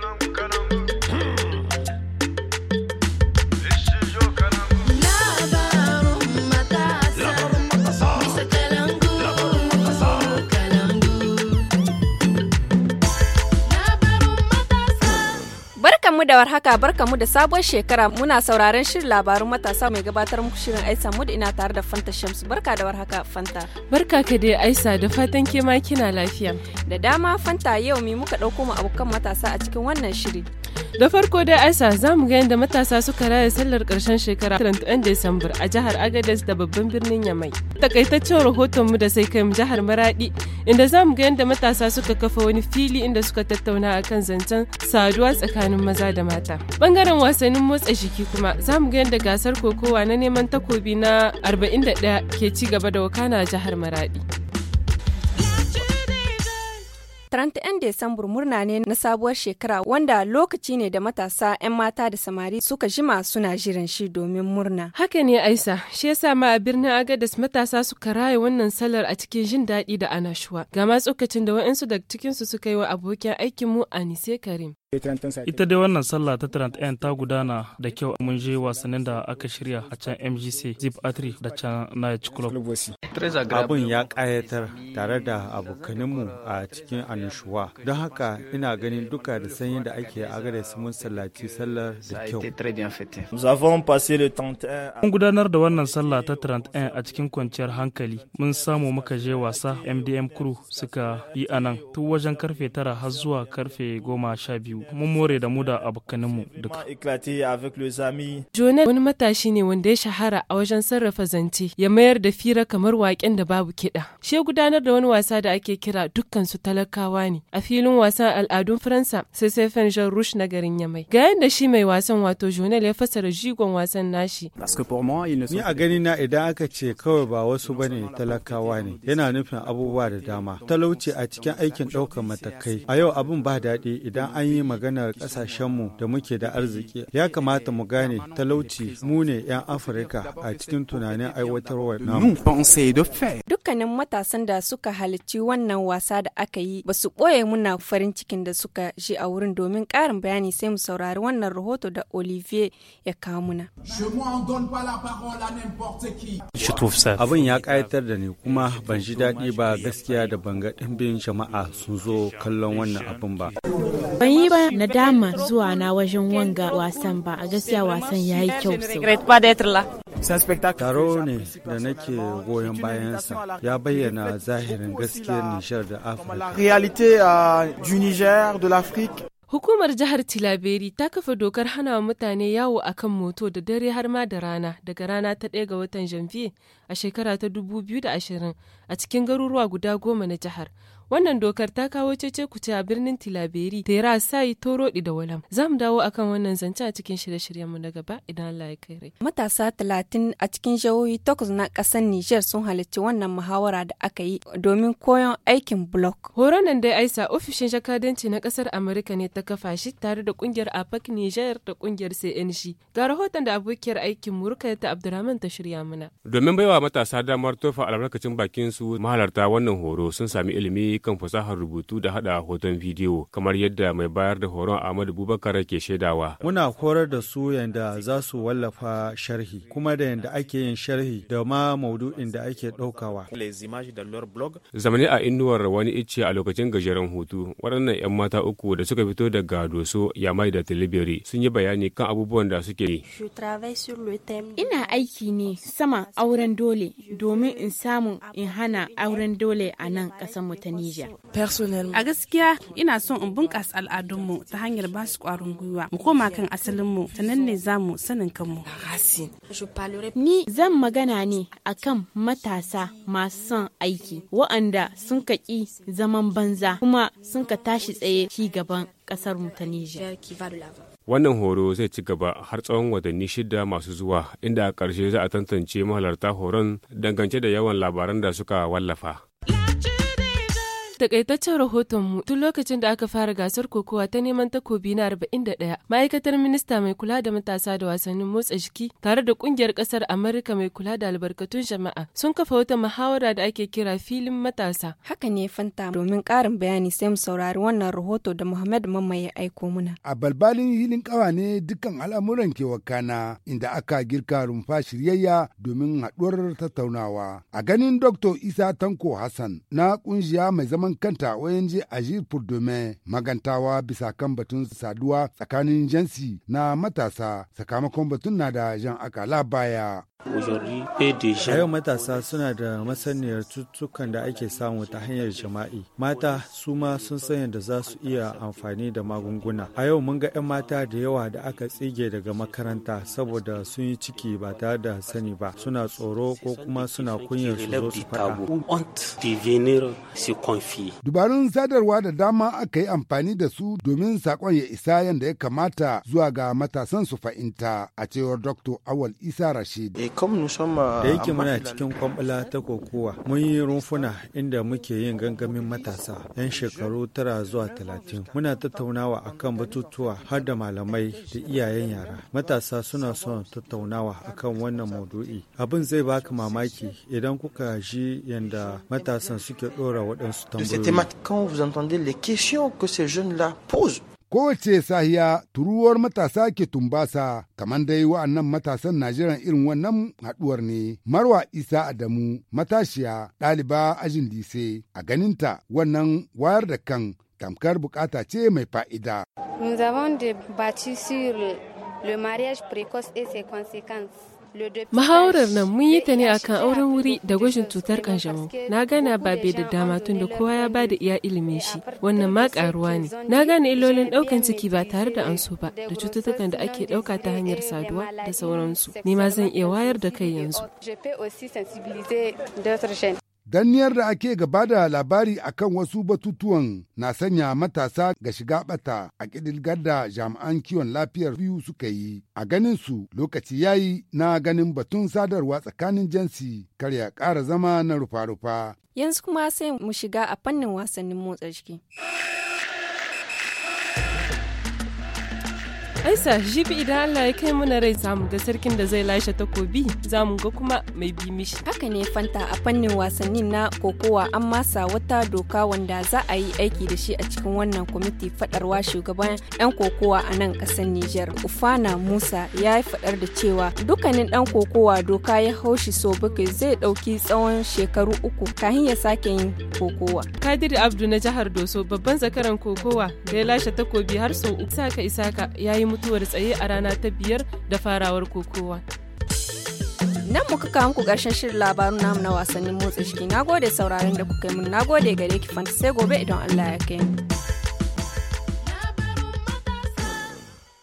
Canon mu da warhaka mu da sabuwar shekara muna sauraron shirin labarun matasa mai gabatar muku shirin Aisa da ina tare da Fanta Shamsu barka da warhaka Fanta. Barka ka dai Aisa da fatan ke ma kina lafiya. Da dama Fanta yau me muka dauko mu abokan matasa a cikin wannan shiri. Da farko dai Asa za mu ga yadda matasa suka raya sallar ƙarshen shekara 31 Desambar a jihar Agadez da babban birnin Yamai. Takaitaccen rahotonmu da sai kai mu jihar Maradi inda za mu ga yadda matasa suka kafa wani fili inda suka tattauna akan zancen saduwa tsakanin maza da mata. Bangaren wasannin motsa jiki kuma za mu ga yadda gasar kokowa na neman takobi na 41 ke ci gaba da wakana a jihar Maradi. 31 Desambur murna ne na sabuwar shekara wanda lokaci ne da matasa 'yan mata da samari suka jima suna jiran shi domin murna. Haka ne Aisa, shi yasa ma a birnin Agadas matasa suka raya wannan salar a cikin jin daɗi da ana Ga ma tsokacin da waɗansu daga cikinsu suka yi wa abokin aikinmu Anise Karim. Ita dai wannan sallah ta 31 ta gudana da kyau mun je wasannin da aka shirya a can MGC, Zip Atri da can Night Club. Abin ya ƙayatar tare da abokaninmu a cikin anushuwa. Don haka ina ganin duka da sanyin da ake agare su mun sallaci sallar da kyau. Mun gudanar da wannan sallah ta 31 a cikin kwanciyar hankali. Mun samu muka je wasa MDM Crew suka yi anan tun wajen karfe tara har zuwa karfe goma sha biyu. biyu mun more da mu da abokanmu duka. Jone wani matashi ne wanda ya shahara a wajen sarrafa zance ya mayar da fira kamar waken da babu kiɗa. Shi gudanar da wani wasa da ake kira dukkan su talakawa ne a filin wasan al'adun Faransa sai sai Jean Rouge na garin Yamai. Ga yadda shi mai wasan wato Jonel ya fasara jigon wasan nashi. Ni a gani na idan aka ce kawai ba wasu bane talakawa ne yana nufin abubuwa da dama. Talauci a cikin aikin ɗaukar matakai. A yau abin ba daɗi idan an yi maganar ƙasashenmu da muke da arziki. Ya kamata mu gane talauci mu ne 'yan Afirka a cikin tunanin aiwatarwa namu. Dukkanin matasan da suka halici wannan wasa da aka yi ba su ɓoye muna farin cikin da suka shi a wurin domin ƙarin bayani sai mu saurari wannan rahoto da Olivier ya kamuna. muna. Abin ya kayatar da ni kuma ban ji daɗi ba gaskiya da ban ga ɗimbin jama'a sun zo kallon wannan abin ba. Ban yi ba na dama zuwa na wajen wanga wasan ba, a gaskiya wasan ya yi kyau sosai. Taro ne da nake goyon bayansa ya bayyana zahirin gaskiyar nishar da Afirka. Euh, Hukumar jihar Tilaberi ta kafa dokar hana wa mutane yawo a kan moto da dare har ma da rana daga rana ta ɗaya ga watan janvier a shekara ta 2020 a cikin garuruwa guda goma na jihar. Wannan dokar ta kawo cece kuce a birnin Tilaberi, Tera Sai di da Walam. Za mu dawo akan wannan zance a cikin shirye-shiryenmu na gaba idan Allah ya kai rai. Matasa talatin a cikin jihohi takwas na kasar Nijar sun halarci wannan muhawara da aka yi domin koyon aikin blog. Horon nan dai Aisa ofishin jakadanci na kasar Amurka ne ta kafa shi tare da kungiyar APAC Nijar da ƙungiyar CNG. Ga rahoton da abokiyar aikin Murka ta abdulrahman ta shirya mana. Domin baiwa matasa damar tofa albarkacin bakin su mahalarta wannan horo sun sami ilimi kan fasahar rubutu da hada hoton bidiyo kamar yadda mai bayar da horon Ahmadu Bubakar ke shaidawa. Muna horar da su yadda za su wallafa sharhi kuma da yadda ake yin sharhi da ma maudu'in da ake ɗaukawa. Zamani a inuwar wani icce a lokacin gajeren hutu waɗannan 'yan mata uku da suka fito daga Doso Yamai da Tilibiri sun yi bayani kan abubuwan da suke yi. Ina aiki ne sama auren dole domin in samu in hana auren dole a nan ƙasar mutane. Personally, A gaskiya ina son in bunƙasa al'adunmu ta hanyar ba su ƙwarin gwiwa mu koma kan asalinmu ta nan ne za mu sanin kanmu. Ni zan magana ne akan matasa masu son aiki wa'anda sun kaƙi zaman banza kuma sun ka tashi tsaye ci gaban ƙasar mu ta Niger. Wannan horo zai ci gaba har tsawon watanni shida masu zuwa inda a ƙarshe za a tantance mahalarta horon dangance da yawan labaran da suka wallafa. Takaitaccen rahotonmu tun lokacin da aka fara gasar kokowa ta neman takobi na arba'in da 41 ma'aikatar minista mai kula da matasa da wasannin motsa jiki tare da kungiyar kasar Amurka mai kula da albarkatun jama'a sun kafa wata muhawara da ake kira filin matasa. Haka ne fanta domin ƙarin bayani sai mu saurari wannan rahoto da Muhammad Mamma ya aiko muna. A balbalin hilin kawa ne dukkan al'amuran ke wakana inda aka girka rumfa shiryayya domin haɗuwar tattaunawa. A ganin Dr. Isa Tanko Hassan na kungiya mai zaman zaman kanta ONG Agir pour Demain magantawa bisa kan batun saduwa tsakanin jansi na matasa sakamakon batun na da jan akala baya. A yau matasa suna da masaniyar cututtukan da ake samu ta hanyar jima'i. Mata su ma sun san yadda za su iya amfani da magunguna. A yau mun ga 'yan mata da yawa da aka tsige daga makaranta saboda sun yi ciki ba tare da sani ba. Suna tsoro ko kuma suna kunyar su zo su faɗa. aiki. Dubarun sadarwa da dama aka yi amfani da su domin sakon ya isa yadda ya kamata zuwa ga matasan su fahimta a cewar Dr. Awal Isa Rashid. Eh, da ah, yake muna cikin kwambala ta kokowa, mun yi rumfuna inda muke yin gangamin matasa 'yan shekaru tara zuwa talatin. Muna tattaunawa akan batutuwa har da malamai da iyayen yara. Matasa suna son tattaunawa akan wannan maudu'i. Abin zai baka mamaki idan kuka ji yadda matasan suke ɗora waɗansu tambayoyi. C'est thématique quand vous entendez les questions que ces jeunes-là posent. Kowace sahiya turuwar matasa ke tumbasa, kaman dai wa'annan matasan Najeriya irin wannan haduwar ne. Marwa Isa Adamu, matashiya, ɗaliba ajin lise, a ganinta wannan wayar da kan tamkar bukata ce mai fa'ida. Nous avons débattu sur le mariage précoce et ses conséquences. Mahaurar nan mun yi ta ne akan auren wuri da gwajin cutar kanjamau. Na gana bai da dama tun da kowa ya bada iya ilimin shi. Wannan ma karuwa ne. Na gane illolin daukan ciki ba tare da ansu ba da cututtukan da ake dauka ta hanyar saduwa da sauransu. Ni ma zan iya wayar da kai yanzu. Danniyar da ake gaba da labari a kan wasu batutuwan na sanya matasa ga shiga bata a ƙidilgar da jami'an kiwon lafiyar biyu suka yi. A ganin su lokaci yayi na ganin batun sadarwa tsakanin jinsi kar ya ƙara zama na rufa-rufa. Yanzu kuma sai mu shiga a fannin wasannin motsa jiki. Aisa jibi idan Allah ya kai mana rai samu ga sarkin da zai lashe takobi zamu ga kuma mai bi mishi. Haka ne fanta a fannin wasannin na kokowa an masa wata doka wanda za a yi aiki da shi a cikin wannan kwamiti fadarwa shugaban 'yan kokowa a nan kasar Nijar. Ufana Musa ya yi fadar da cewa dukkanin dan kokowa doka ya haushi so bakwai zai dauki tsawon shekaru uku kafin ya sake yin kokowa. Kadiri Abdu na jihar Doso babban zakaran kokowa da ya lashe takobi har sau uku saka isaka ya yi mutuwar tsaye a rana ta biyar da farawar kokowa. Nan muka kawo muku ƙarshen shirin labarun namu na wasannin motsa jiki. gode sauraron da kuka yi mun. gode gare ki fanta sai gobe idan Allah ya kai mu.